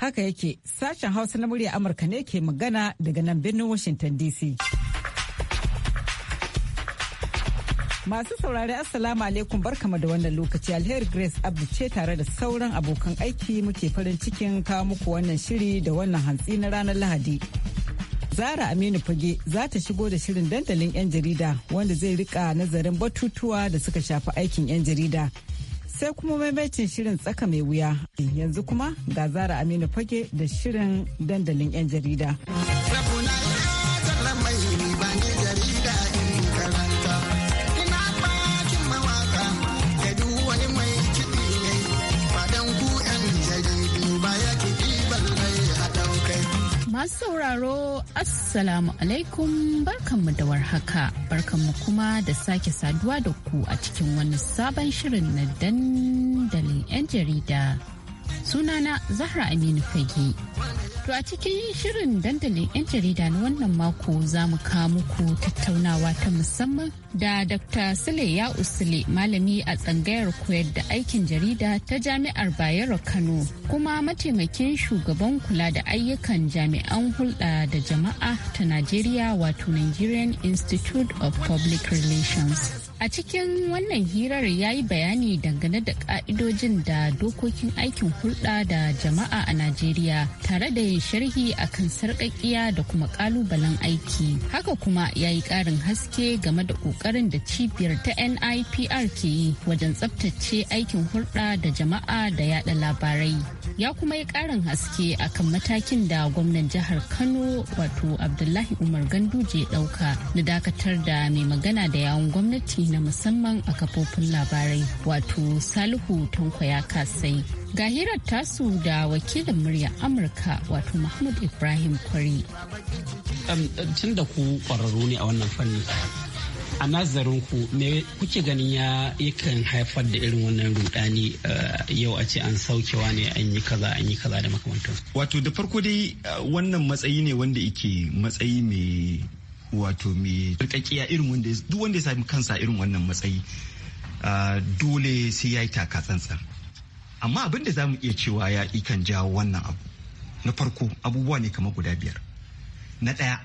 Haka yake sashen Hausa na murya Amurka ne ke magana daga nan birnin Washington DC. Masu saurari Assalamu alaikum barkama da wannan lokaci alheri Grace Abdu ce tare da sauran abokan aiki muke farin cikin kawo muku wannan shiri da wannan hantsi na ranar Lahadi. Zara Aminu Fage za ta shigo da shirin dandalin 'yan jarida wanda zai rika nazarin batutuwa da suka shafi aikin 'yan jarida. Sai kuma maimacin shirin tsaka mai wuya. Yanzu kuma ga Zara Aminu Fage da shirin dandalin 'yan jarida. Masu sauraro Assalamu alaikum barkanmu da warhaka barkanmu kuma da sake saduwa da ku a cikin wani sabon shirin na dandalin 'yan jarida sunana Zahra Aminu Fage. To a cikin shirin dandalin 'yan jarida na wannan mako za mu kawo muku tattaunawa ta musamman da Dr. Sule ya usule malami a tsangayar koyar da aikin jarida ta jami'ar Bayero Kano kuma mataimakin shugaban kula da ayyukan jami'an hulɗa da jama'a ta Najeriya wato Nigerian Institute of Public Relations. A cikin wannan hirar ya yi bayani dangane da ka'idojin da dokokin aikin hulɗa da jama'a a Najeriya tare da yin sharhi akan sarƙaƙiya da kuma ƙalubalen aiki. Haka kuma ya yi ƙarin haske game da ƙoƙarin da cibiyar ta NIPR ke yi wajen tsabtace aikin hulɗa da jama'a da yaɗa labarai. ya kuma yi karin haske akan matakin da gwamnan jihar kano wato abdullahi umar ganduje dauka na dakatar da mai magana da yawon gwamnati na musamman a kafofin labarai wato salihu ya kasai ga hirar tasu da wakilin murya amurka wato muhammad ibrahim kwari tun da ku kwararru ne a wannan fanni a nazarin ku me kuke ganin ya yakan haifar da irin wannan rudani eh, yau a ce an saukewa ne an yi kaza an yi kaza da makamantansu wato da farko dai eh, wannan matsayi ne wanda yake matsayi mai wato mai rikakkiya irin wanda duk wanda ya sami kansa irin wannan matsayi eh, dole sai ya yi taka tsantsan amma abin da za mu iya cewa ya ikan jawo wannan abu na farko abubuwa ne kamar guda biyar na ɗaya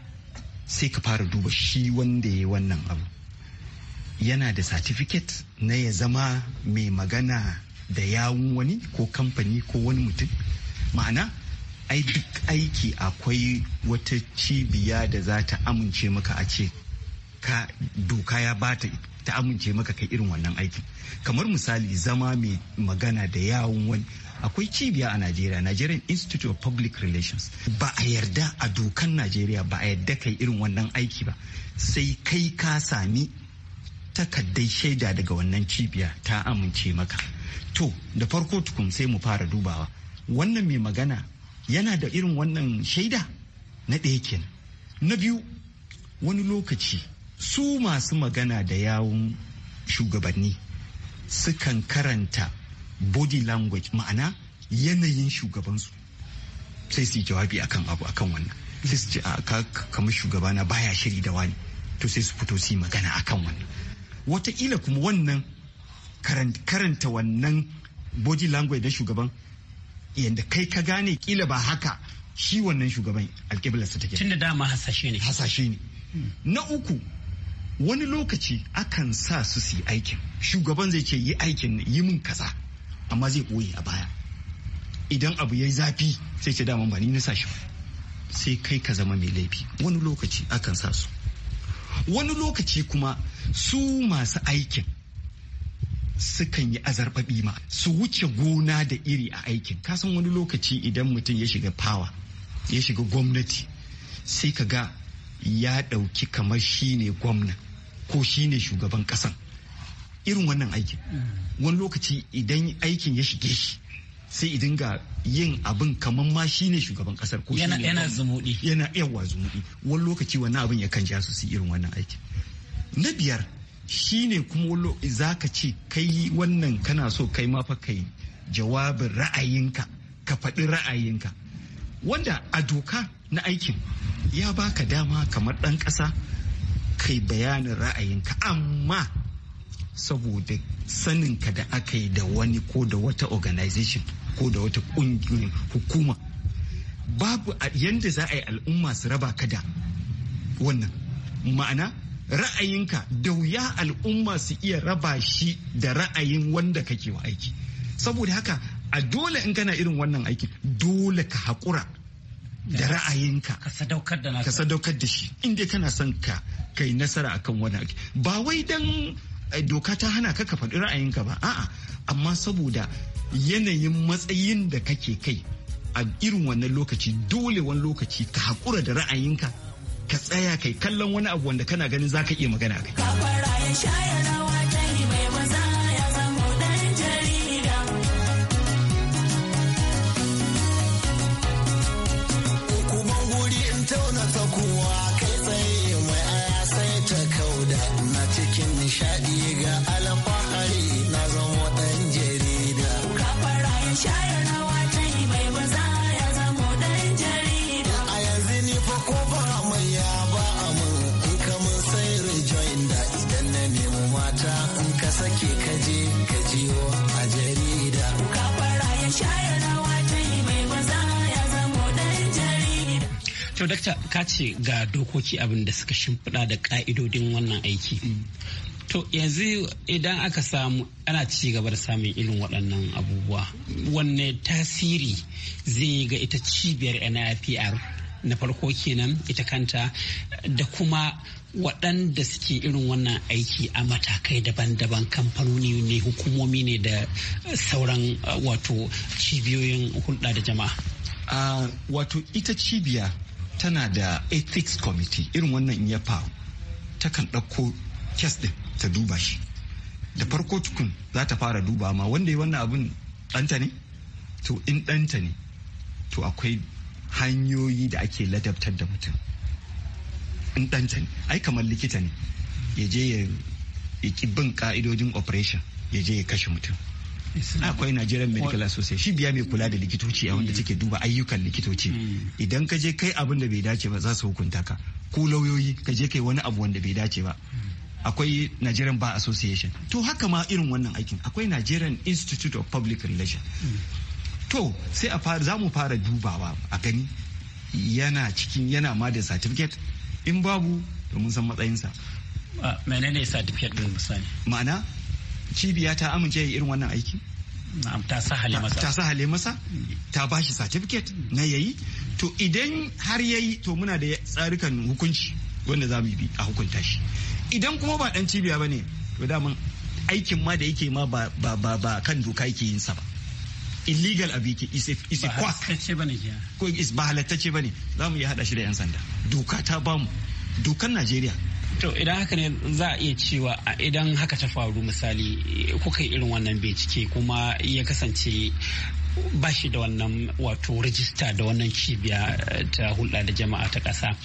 sai ka fara duba shi wanda ya yi wannan abu yana da certificate na ya zama mai magana da yawun wani ko kamfani ko wani mutum ma'ana ai duk aiki akwai wata cibiya da za ta amince maka a ce ka doka ya bata ta amince maka kai irin wannan aikin kamar misali zama mai magana da yawun wani akwai cibiya a najeriya nigerian institute of public relations ba a yarda a dokan najeriya ba a yarda kai irin wannan aiki ba sai kai ka sami takardar shaida daga wannan cibiya ta amince maka to da farko tukun sai mu fara dubawa wannan mai magana yana da irin wannan shaida na ɗaya kenan na biyu wani lokaci su masu magana da yawun shugabanni sukan karanta body language ma'ana yanayin shugabansu sai su yi jawabi akan abu akan wannan sai su ce a kamar shugabana baya shiri da wani to sai su fito su yi magana akan wannan wataƙila kuma wannan karanta wannan body language na shugaban yadda kai ka gane kila ba haka shi wannan shugaban alƙiblarsa take tunda dama hasashe ne hasashe ne hmm. na uku wani lokaci akan sa su su yi aikin shugaban zai ce yi aikin yi min kaza amma zai ɓoye a baya idan abu ya yi zafi sai ce dama ba ni na sa shi sai kai ka zama mai laifi wani lokaci akan sa su wani lokaci kuma su masu aikin sukan yi azarbaɓi ma su wuce gona da iri a aikin kasan wani lokaci idan mutum ya shiga fawa ya shiga gwamnati sai ka ga ya ɗauki kamar shi ne gwamna ko shi ne shugaban ƙasan irin wannan aikin mm. wani lokaci idan aikin ya shige shi sai idan ga yin abin kamar ma ne shugaban kasar ko yana yana zumudi yana yawa zumudi wani lokaci wani abin ya kan ja su su irin wannan aiki na biyar shi ne kuma wani za ka ce kai wannan kana so kai ma fa kai jawabin ra'ayinka ka faɗi ra'ayinka wanda a doka na aikin ya baka dama kamar ɗan ƙasa kai bayanin ra'ayinka amma saboda saninka da aka yi da wani ko da wata organization ko da wata hukuma babu yadda za a yi al'umma su raba ka da wannan ma'ana ra'ayinka da wuya al'umma su iya raba shi da ra'ayin wanda kake wa aiki saboda haka a dole in kana irin wannan aiki dole ka haƙura da ra'ayinka ka sadaukar da shi inda kana son ka kai nasara akan wani aiki ba wai don eh, doka ta hana ka ka faɗi ra'ayinka ba a'a amma saboda yanayin matsayin da kake kai a irin wannan lokaci dole wani lokaci ka haƙura da ra'ayinka ka tsaya kai kallon wani abu wanda kana ganin za ka iya magana kai. to dakta ka ce ga dokoki abin da suka shimfiɗa da ƙa'idodin wannan aiki mm. to yanzu idan aka samu ana ci gaba da samun irin waɗannan abubuwa wanne tasiri zai yi ga ita cibiyar nipr na farko kenan ita kanta da kuma waɗanda suke irin wannan aiki a matakai daban-daban kamfanoni ne hukumomi ne da sauran wato cibiyoyin hulɗa da jama'a. Ah, wato ita cibiya tana da ethics committee irin wannan in ya faru takan ɗauko kes ɗin ta duba shi da farko tukun za ta fara duba ma wanda ya wannan abin ɗanta ne to in ɗanta ne to akwai hanyoyi da ake ladabtar da mutum in ɗanta ne ai kamar likita ne ya je ya bin ka'idojin operation ya je ya kashe mutum akwai Nigerian Medical Association Shi biya mai kula da likitoci a wanda take duba ayyukan likitoci mm. idan ka je kai abin da bai dace ba za su hukunta ka ko lauyoyi ka je kai wani abu wanda bai dace ba mm. akwai Nigerian Bar Association to haka ma irin wannan aikin akwai Nigerian Institute of Public Relations mm. to sai a fara za mu fara dubawa a gani yana cikin yana ma da certificate in babu to mun san matsayinsa menene certificate din misali ma'ana cibiya ta amince ya irin wannan aiki ta hale masa ta ba shi ta certificate na yayi to idan har yayi to muna da tsarukan hukunci wanda za mu bi a hukunta shi idan kuma ba dan cibiya bane to daman aikin ma da yake ma ba ba kan doka yake yin sa ba illegal abiki is a quack ko is ba ne za mu iya hada shi da yan sanda doka ta bamu dokan Najeriya to idan haka ne za a iya cewa idan haka ta faru misali kuka yi irin wannan bincike kuma ya kasance ba shi da wannan wato rajista da wannan cibiya eh, ta hulɗa da jama'a ta ƙasa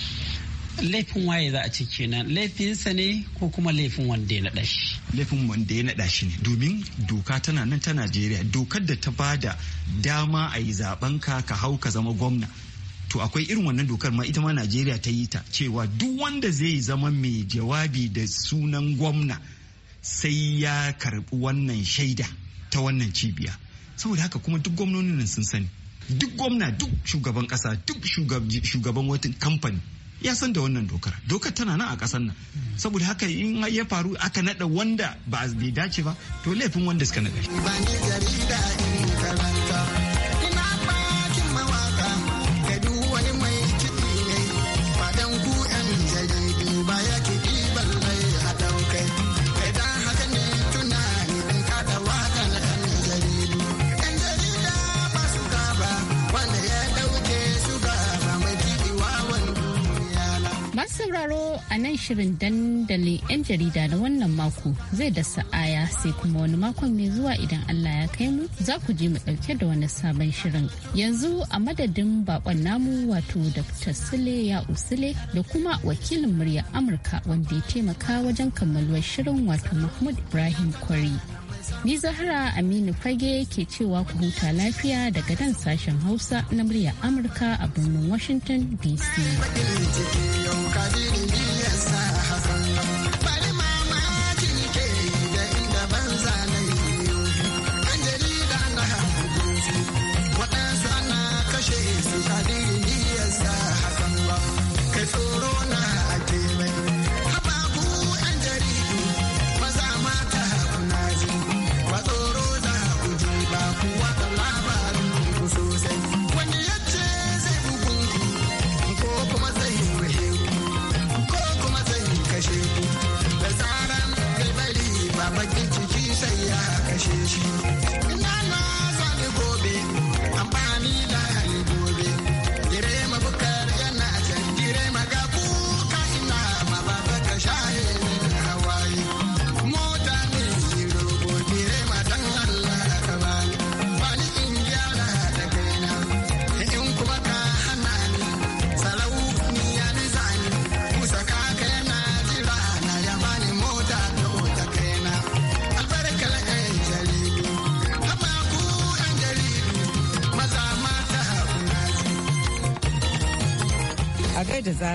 laifin waye za a ce kenan laifinsa ne ko kuma laifin wanda ya naɗa shi laifin wanda ya naɗa shi ne domin doka tana nan ta najeriya dokar da ta bada dama a yi zaben ka ka hau ka zama gwamna to akwai irin wannan dokar ma ita ma najeriya ta yi ta cewa duk wanda zai zama mai jawabi da sunan gwamna sai ya karbi wannan shaida ta wannan cibiya saboda haka kuma duk gwamnonin nan sun sani duk gwamna duk shugaban kasa duk shugaban wata kamfani ya san da wannan dokar dokar tana nan a kasar nan saboda haka in ya faru aka nada wanda ba bai dace ba to laifin wanda suka nada shi sauraro a nan shirin dandalin 'yan jarida na wannan mako zai da sa'aya sai kuma wani makon mai zuwa idan Allah ya kai mu za ku je mu ɗauke da wani sabon shirin. Yanzu a madadin bakon namu wato Dr. Sule ya usule da kuma wakilin murya Amurka wanda ya taimaka wajen kammaluwar shirin wato Mahmud Ibrahim Kwari. Ni Zahra Aminu Fage ke cewa ku huta lafiya daga dan sashen Hausa na murya Amurka a birnin Washington DC.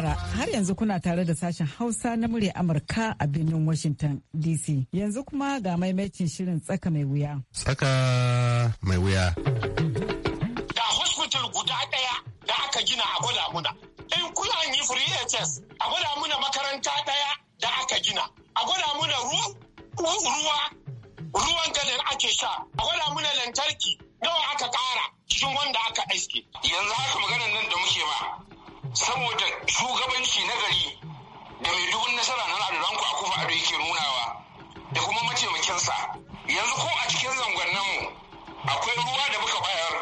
saurara har yanzu kuna tare da sashen Hausa na murya Amurka a birnin Washington DC. Yanzu kuma ga maimacin shirin tsaka mai wuya. Tsaka mai wuya. Ga hospital guda ɗaya da aka gina a gwada muna. In kuna yi free HS a gwada muna makaranta ɗaya da aka gina. A gwada muna ruwa ruwan ganin ake sha. A gwada muna lantarki nawa aka ƙara cikin wanda aka aiske. Yanzu haka maganar nan da muke ba. saboda shugabanci na gari da mai dubin nasara na adulanku a kufa ado yake nunawa da kuma mataimakinsa yanzu ko a cikin zangonninmu akwai ruwa da muka bayar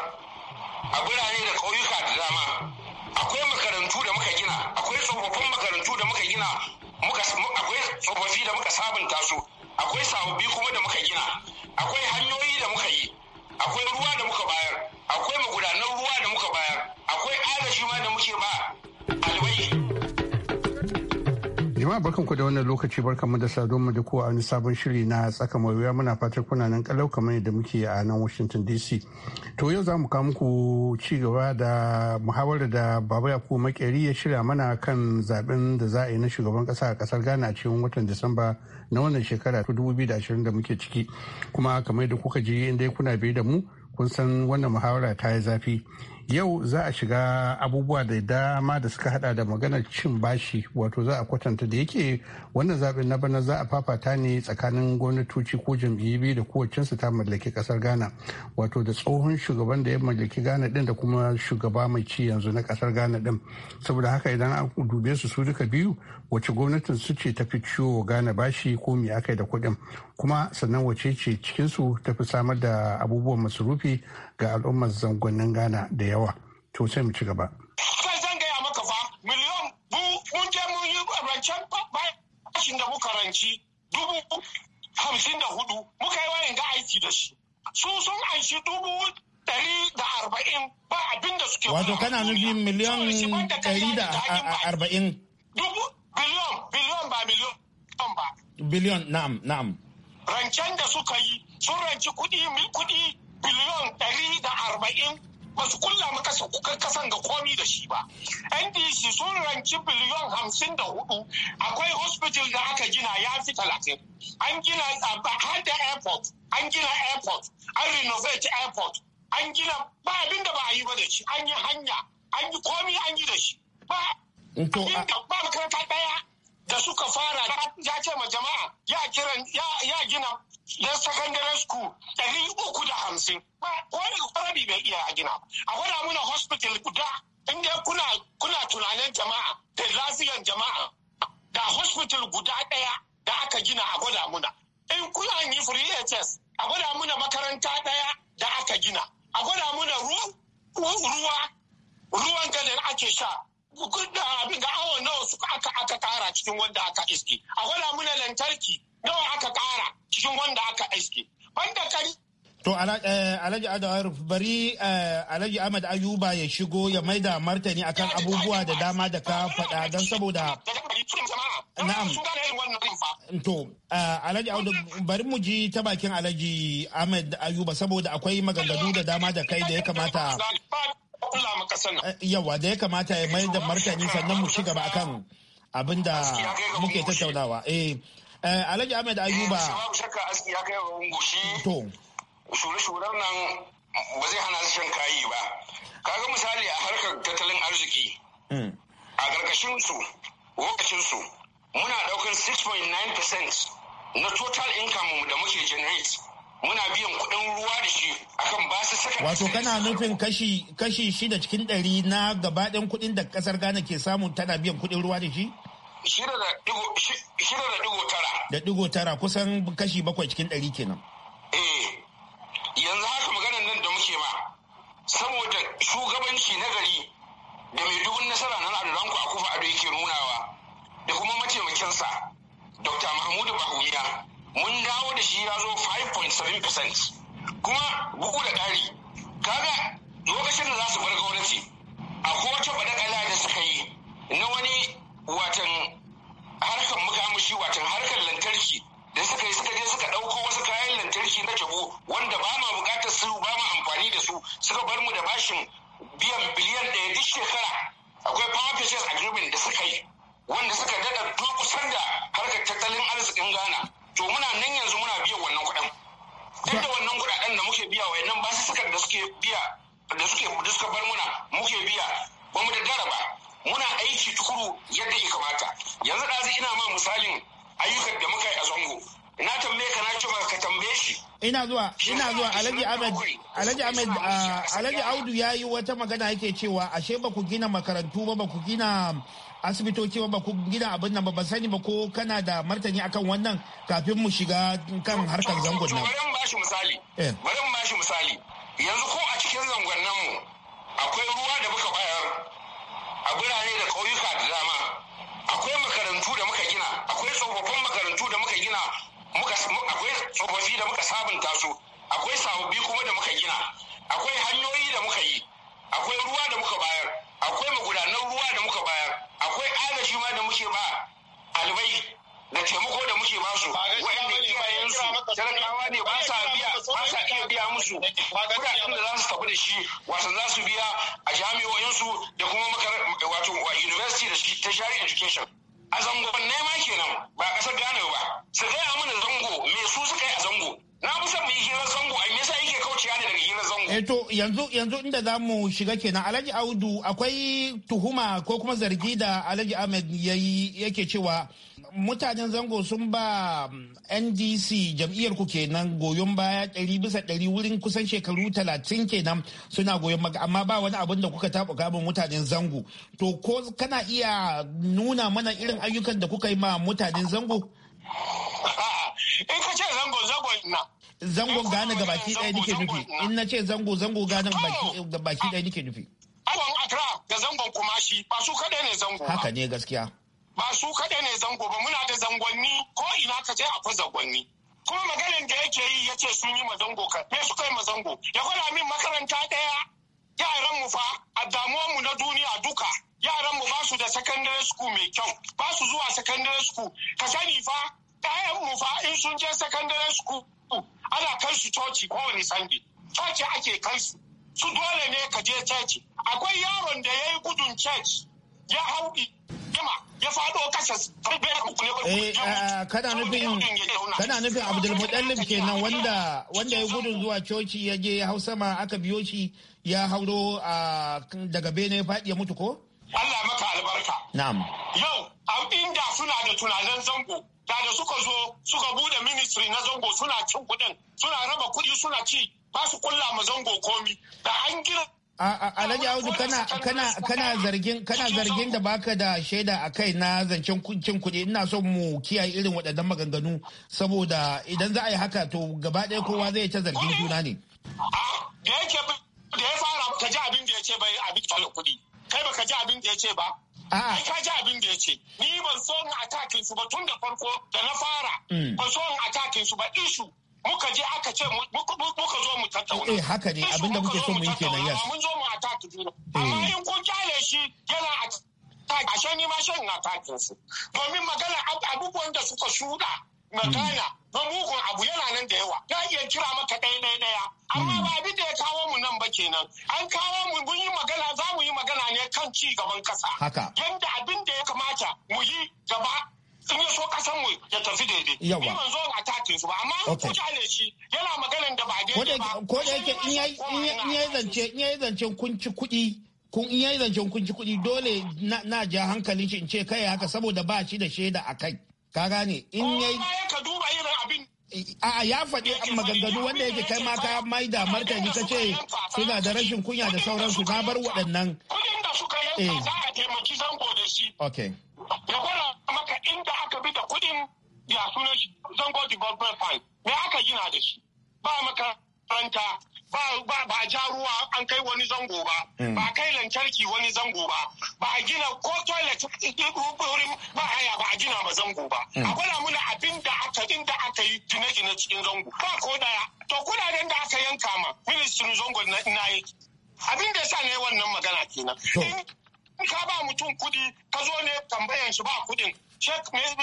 a birane da ƙauyuka da dama akwai makarantu da muka gina akwai tsofaffin makarantu da muka gina akwai tsofaffi da muka sabunta su akwai sababbi kuma da muka gina akwai hanyoyi da muka yi akwai ruwa da muka bayar akwai magudanan ruwa da muka barkan ku da wannan lokaci barkan mu da saduwar mu da kowa wani sabon shiri na tsaka muna fatar kuna nan kalau kamar yadda muke a nan Washington DC. To yau za mu kawo muku ci gaba da muhawara da Baba Yakubu Makeri ya shirya mana kan zaben da za a yi na shugaban kasa a kasar Ghana a cikin watan Disamba na wannan shekara ta 2020 da muke ciki. Kuma kamar da kuka ji inda kuna biye da mu kun san wannan muhawara ta yi zafi yau za a shiga abubuwa da dama da suka hada da maganar cin bashi wato za a kwatanta da yake wannan zaɓin na bana za a fafata ne tsakanin gwamnatoci ko jam'iyyu biyu da kowacensu ta mallaki kasar ghana wato da tsohon shugaban da ya mallaki ghana din da kuma shugaba mai ci yanzu na ƙasar ghana din saboda haka idan an dube su su duka biyu wace gwamnatin su ce fi ciwo gane bashi ko me aka da kuɗin kuma sannan wace ce cikinsu tafi samar da abubuwan masarufi ga al'ummar zangonin gana da yawa to sai mu ci gaba da muka dubu hamsin da hudu muka yi aiki da su dubu ɗari wato kana nufin miliyan ɗari da arba'in billion billion ba miliyon ba billion na'am na'am rancen da suka yi sun ranci kudi kudi biliyon ɗari da arba'in ba su kulla maka su kasan ga komi da shi ba ndc sun ranci biliyon hamsin da hudu akwai hospital da aka gina ya fi talatin an gina har da airport an gina airport an renovate airport an gina ba abinda ba a yi ba da shi an yi hanya an yi komi an yi da shi ba To ba makaranta daya da suka fara ya ce ma jama'a ya kira ya gina na secondary school ɗari uku da hamsin wani rabi bai iya a gina a gwada muna hospital guda inda kuna kuna tunanin jama'a da lafiyan jama'a da hospital guda ɗaya da aka gina a gwada muna in kuna yi free hs a gwada muna makaranta ɗaya da aka gina a gwada muna ruwa ruwan ganin ake sha abin ga awon nawa suka aka aka kara cikin wanda aka iske a gwada muna lantarki nawa aka kara cikin wanda aka iske banda kari To eh, Alhaji Adawar bari eh, Alhaji Ahmad Ayuba ya shigo ya maida martani akan abubuwa da dama da ka faɗa don saboda Na'am. To eh, Alhaji Audu bari mu ji ta bakin Alhaji Ahmad Ayuba saboda akwai maganganu da dama da kai da ya kamata kula ma kasar nan eh, yawa da ya kamata ya mai da martani sannan mu ci gaba akan abin da muke tattaunawa eh, eh Alhaji Ahmed Ayuba eh, shakka aski ya kai wa to shure-shuren nan ba zai hana su shan kayi ba kaga misali a harkar tattalin arziki hmm. a ƙarƙashin su lokacin su muna ɗaukar 6.9% na total income da muke generate muna biyan kuɗin ruwa da shi akan ba su saka wato kana nufin kashi kashi shida cikin ɗari na gabaɗayan kuɗin da ƙasar ghana ke samu tana biyan kuɗin ruwa da shi shida da digo tara da digo tara kusan kashi bakwai cikin ɗari kenan eh yanzu haka maganar nan da muke ma saboda shugabanci na gari da mai dubun nasara nan a ranku a kufa ado yake nunawa da kuma mataimakinsa dr mahmudu bahumiya mun dawo da shi ya zo 5.7% kuma bugu da ƙari kaga lokacin da za su bar ina zuwa Alhaji Ahmed Alhaji Ahmed ah, Alhaji Audu yayi wata magana yake cewa ashe ba ku gina makarantu ba ba ku gina asibitoci ba ku gina abin nan ba ba sani ba ko kana da martani akan wannan kafin mu shiga kan harkar zangon nan. Bari mu bashi misali. Eh. Bari mu bashi misali. Yanzu ko a cikin zangon nan mu akwai ruwa da muka bayar a birane da ƙauyuka da dama. Akwai makarantu da muka gina, akwai tsofaffin makarantu da muka gina akwai tsofaffi da muka sabunta su akwai sababbi kuma da muka gina akwai hanyoyi da muka yi akwai ruwa da muka bayar akwai magudanan ruwa da muka bayar akwai agaji ma da muke ba albai da taimako da muke ba su wa'anda iyayensu talakawa ne ba sa biya ba sa iya biya musu kudaden da za su tafi da shi wasan za su biya a jami'o'insu da kuma wato university da ta shari'a education a zangon nema kenan ba kasar gane ba su gaya mana zango me su suka yi a zango na fi son mu yi hirar zango a yi kurciya ne daga gina zango. Eh yanzu yanzu inda za mu shiga kenan Alhaji Audu akwai tuhuma ko kuma zargi da Alhaji Ahmed yayi yake cewa mutanen zango sun ba um, ndc jam'iyyar ku kenan goyon baya ɗari bisa ɗari wurin kusan shekaru talatin kenan suna goyon baya amma ba wani abin da kuka taɓa gaban mutanen zango to ko kana iya nuna mana irin ayyukan da kuka yi ma mutanen zango in ka ce zango zango na zangon gane ga baki ɗaya nike nufi in na ce zango zango gane oh! ga baki eh, ɗaya nike nufi zangon ga da zangon Kumashi ba su kaɗai ne zango haka ne gaskiya ba su kaɗai ne zango ba muna da zangonni ko ina ka ce akwai zangonni kuma maganin da yake yi ya ce sun yi mazango ka me su kai mazango ya gwada min makaranta ɗaya yaran mu fa a damuwar mu na duniya duka yaran mu ba su da secondary school mai kyau ba su zuwa secondary school ka sani fa ɗayan mu fa in sun je secondary school ana kai su coci kowane sande coci ake kai su su dole ne ka je coci akwai yaron da ya yi gudun coci ya hau jima ya faɗo kasa eh, ah, kana nufin kana nufin ke kenan wanda wanda ya gudun zuwa coci ya je hau sama aka biyo shi ya hauro ah, daga bene ya faɗi ya mutu ko Allah maka albarka na'am yau inda suna da tunanin zango da da suka zo suka bude ministry na zango suna cin kudin suna raba kudi suna ci ba su kulla ma zango komi da an gina Alhaji Audu kana kana kana zargin kana zargin da baka da shaida a kai na zancen cin kuɗi ina son mu kiyaye irin waɗannan maganganu saboda idan za a yi haka to gaba ɗaya kowa zai ta zargin juna ne. Da ya fara ka ji abin da ya ce bai abin kuɗi kai baka ji abin da ya ce ba Ai ah. ka ji abin da ya ce, ni ban so in atakin su ba tun da farko da na fara, mm. ban so in atakin su ba ishu muka je aka ce muka zo mu tattauna. Eh haka ne abin da muke so mu yi kenan yes. Mun zo mu ataki juna. Eh. Amma in kun kyale shi yana ataki, ashe ni ma shan atakin su. Domin magana abubuwan da suka shuda magana na mugun abu yana nan da yawa na iya kira maka ɗaya ɗaya ɗaya amma ba abin da ya kawo mu nan ba kenan an kawo mu mun yi magana za mu yi magana ne kan ci gaban ƙasa. haka yanda abin da ya kamata mu yi gaba in yi so ƙasar mu ya tafi daidai yawa ni ban zo a tace su ba amma ku jale shi yana maganan da ba daidai ba ko da yake in ya in zance in yi zancen kun ci kuɗi kun in yi zancen kun ci kuɗi dole na ja hankalin shi in ce kai haka saboda ba shi da shaida a kai ka gane in yayi ka duba irin abin a ya faɗi maganganu wanda yake kai ma ka mai da martani ka ce suna da rashin kunya da sauransu na bar waɗannan kudin da suka yanka eh. za a taimaki zango da shi okay ya gwada maka inda aka bi da kudin ya sunan zango development fund me aka gina da shi ba maka makaranta ba ba ba ja ruwa an kai wani zango ba hmm. ba kai lantarki wani zango ba ba gina ko toilet eh, eh, wurin ba haya ba a gina ma zango ba hmm. a gwada muna abin da aka da aka yi gine-gine cikin zango ba ko daya to kudaden da aka yanka ma ministrin zango na yi abin da sa ne wannan magana kenan in ka ba mutum kudi ka zo ne tambayan shi ba kudin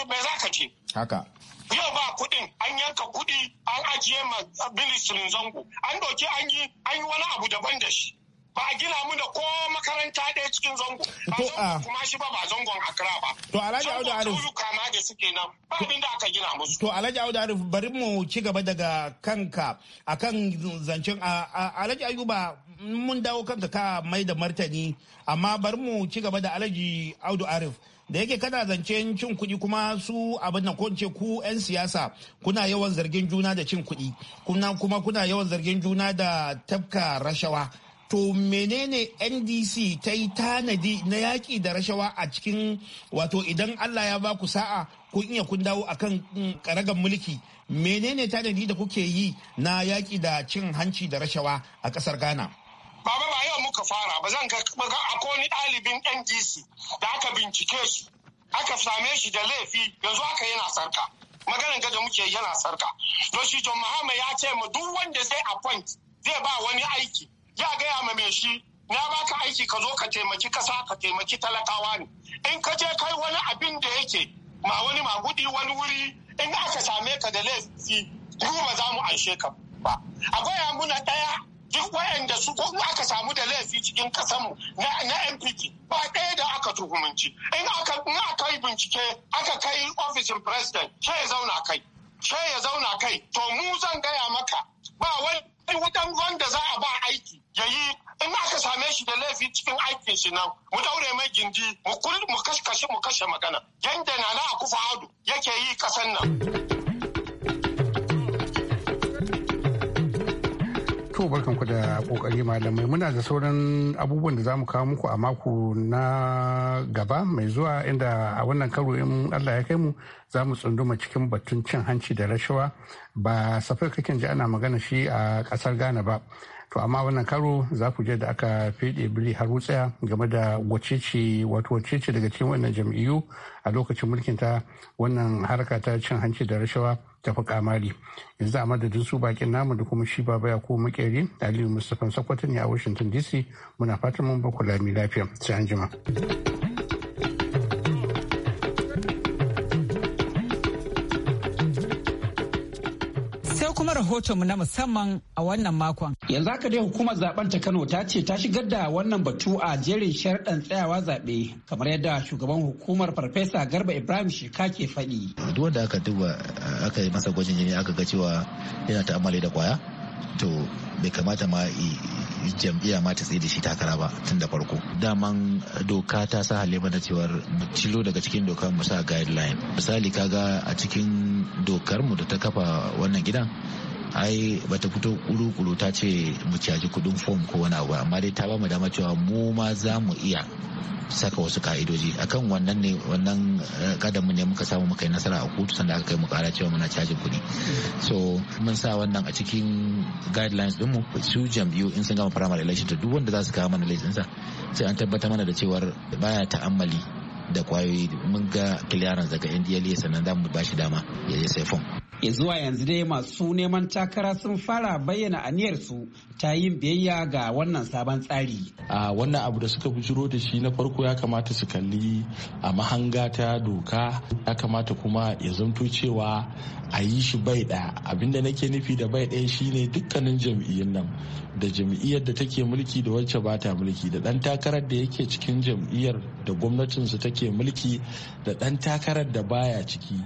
me za ka ce haka yau ba kuɗin an yanka kuɗi an ajiye ma ministrin zango an doki an yi an yi wani abu daban da shi ba a gina mu da ko makaranta ɗaya cikin zango ba zango ah. kuma shi ba ba zangon akra ba to alhaji audu arif zango kama da suke nan ba abin da aka gina musu to alhaji audu arif bari mu ci gaba daga kanka akan zancen alhaji ayuba mun dawo kanka ka mai da martani amma bari mu ci gaba da alhaji audu arif da yake kana zance cin kuɗi kuma su abin na kwance ku 'yan siyasa kuna yawan zargin juna da cin kuɗi kuna kuma kuna yawan zargin juna da tafka rashawa to menene ndc ta yi tanadi na yaƙi da rashawa a cikin wato idan allah ya ba ku sa'a kun iya kun dawo akan mm, karagar mulki menene tanadi da kuke yi na yaƙi da cin hanci da rashawa a ƙasar ghana baba ba yau muka fara ba zan ga akoni ɗalibin ndc da aka bincike su aka same shi da laifi yanzu aka yana sarka maganin gada muke yana sarka don shi john mahama ya ce ma duk wanda zai appoint zai ba wani aiki ya gaya ma mai shi na baka aiki ka zo ka taimaki kasa ka taimaki talakawa ne in ka je kai wani abin da yake ma wani magudi wani wuri in aka same ka da laifi mu ba za mu anshe ka ba akwai muna ɗaya duk wayanda su ko aka samu da laifi cikin kasanmu na npp ba ɗaya da aka tuhumanci in aka kai bincike aka kai ofishin president ce ya zauna kai ce ya zauna kai to mu zan gaya maka ba wani wutan wanda za a ba aiki ya yi in aka same shi da laifi cikin aikin shi nan mu daure mai gindi mu kashe magana yanda na na kufa yake yi kasan nan. To barkanku da kokari malamai muna da sauran abubuwan da za mu kawo muku a mako na gaba mai zuwa inda a wannan karo in Allah ya kai mu za mu tsunduma cikin batun cin hanci da rashawa ba safar kakin ji ana magana shi a kasar Ghana ba to amma wannan karo za ku je da aka fiɗe biri har wutsaya game da wacece wato wacece daga cikin wannan jam'iyyu a lokacin mulkin ta wannan harka ta cin hanci da rashawa ta fi kamari yanzu a madadin su bakin namu da kuma shi baba ya kuma makeri aliyu mustapha sakwato ne a washington dc muna fatan mun ba ku lami lafiya sai an jima. rahoton mu na musamman a wannan makon. Yanzu haka dai hukumar zaben ta Kano ta ce ta shigar da wannan batu a jerin sharɗan tsayawa zaɓe kamar yadda shugaban hukumar Farfesa Garba Ibrahim Shika ke faɗi. Duk wanda aka duba aka yi masa gwajin jini aka ga cewa yana ta'ammali da kwaya to bai kamata ma jam'iyya ma ta tsaye da shi takara ba tun da farko daman doka ta sa halima mana cewar cilo daga cikin doka mu sa guideline misali kaga a cikin dokar mu da ta kafa wannan gidan ai bata fito kuru-kuru ta ce mu caji kudin fom ko wani abu amma dai ta ba mu dama cewa mu ma za mu iya saka wasu ka'idoji akan wannan ne wannan kadamu eh, ne muka samu muka yi nasara a kotu sanda aka kai mu kara cewa muna cajin kuɗi so mun sa wannan a cikin guidelines dinmu su jam'iyyu in sun gama primary election to duk wanda za su kawo mana laifinsa sai an tabbatar mana da cewar baya ta'ammali da kwayoyi mun ga clearance daga ndla sannan za mu bashi dama ya je saifon. ya zuwa yanzu dai masu neman takara sun fara bayyana aniyarsu ta yin biyayya ga wannan sabon tsari a wannan abu da suka bujiro da shi na farko ya kamata su kalli a mahanga ta doka ya kamata kuma ya zanto cewa a yi shi bai ɗaya abinda nake nufi da bai ɗaya shine dukkanin jam'iyyar nan da jam'iyyar da take mulki da wacce ba ta mulki da ɗan takarar da yake cikin jam'iyyar da gwamnatinsu take yake mulki da ɗan takarar da baya ciki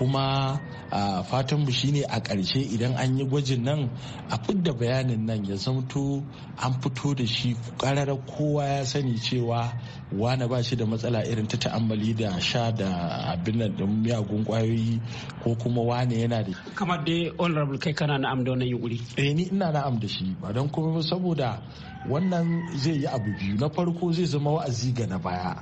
kuma a fatan mu shine a ƙarshe idan an yi gwajin nan a fidda bayanin nan ya zamto an fito da shi ƙarar kowa ya sani cewa wane ba shi da matsala irin ta ta'ammali da sha da abin nan da miyagun kwayoyi ko kuma wane yana da kamar dai honorable kai kana na da wannan yuri eh ni ina na da shi ba don kuma saboda wannan zai yi abu biyu na farko zai zama wa'azi ga na baya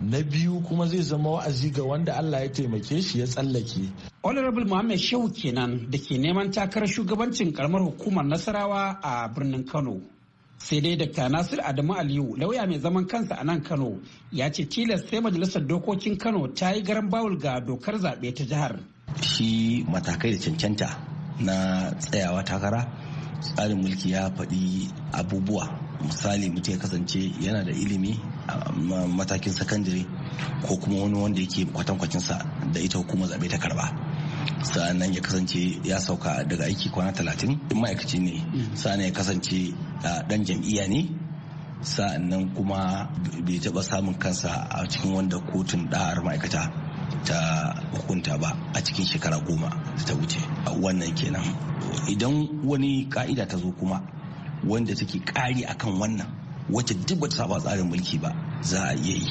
na biyu kuma zai zama wa'azi ga wanda Allah ya taimake shi ya tsallake aiki. Honorable Muhammad Shehu kenan da ke neman takarar shugabancin karamar hukumar Nasarawa a birnin Kano. Sai dai Dr. Nasir Adamu Aliyu lauya mai zaman kansa a nan Kano ya ce tilas sai majalisar dokokin Kano ta yi garan bawul ga dokar zaɓe ta jihar. Shi matakai da cancanta na tsayawa takara tsarin mulki ya faɗi abubuwa misali mutum ya kasance yana da ilimi matakin sakandare ko kuma wani wanda yake kwatankwacinsa da ita hukumar zaɓe ta karba sa'annan ya kasance ya sauka daga aiki kwana talatin ma'aikaci ne sa'annan ya kasance dan jam'iyya ne sa'annan kuma bai taɓa samun kansa a cikin wanda kotun ɗa'ar ma'aikata ta hukunta ba a cikin shekara goma da ta wuce wannan kenan idan wani ka'ida ta zo kuma wanda take ƙari akan wannan wacce duk bata saba tsarin mulki ba za a iya yi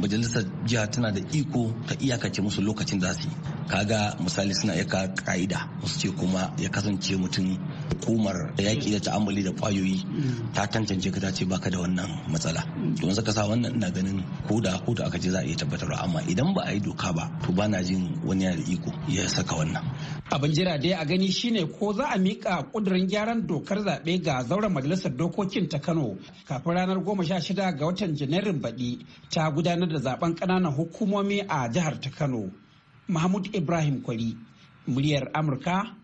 majalisar jiha tana da iko ta iyakace musu lokacin za su yi kaga misali suna yaka ka'ida su ce kuma ya kasance mutum hukumar yaƙi da ta'amali da kwayoyi ta tantance ka ta ce baka da wannan matsala don saka sa wannan ina ganin ko da ko da aka ce za a iya tabbatarwa amma idan ba a yi doka ba to ba na jin wani yana da iko ya saka wannan abin jira dai a gani shine ko za a mika kudirin gyaran dokar zaɓe ga zauren majalisar dokokin ta kano kafin ranar goma sha shida ga watan janairun baɗi ta gudanar da zaben ƙananan hukumomi a jihar ta kano mahmud ibrahim kwari muryar amurka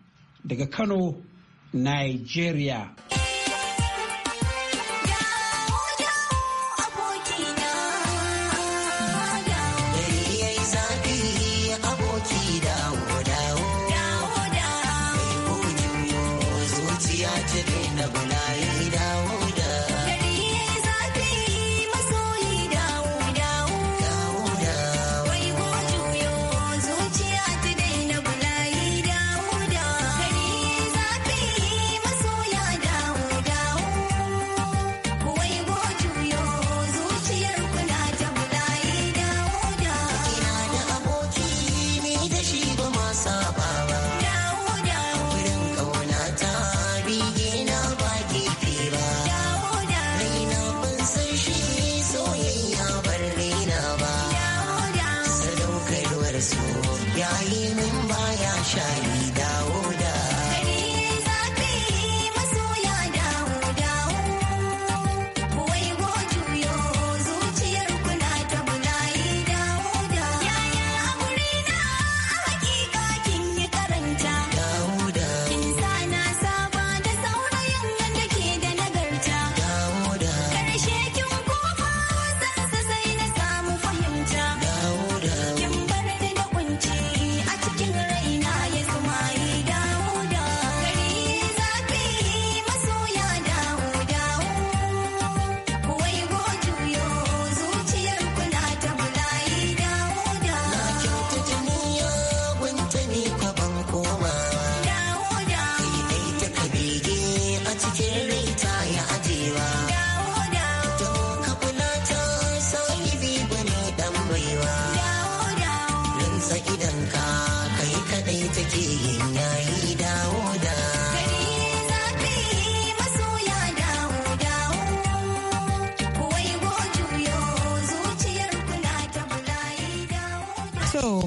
daga kano Nigeria.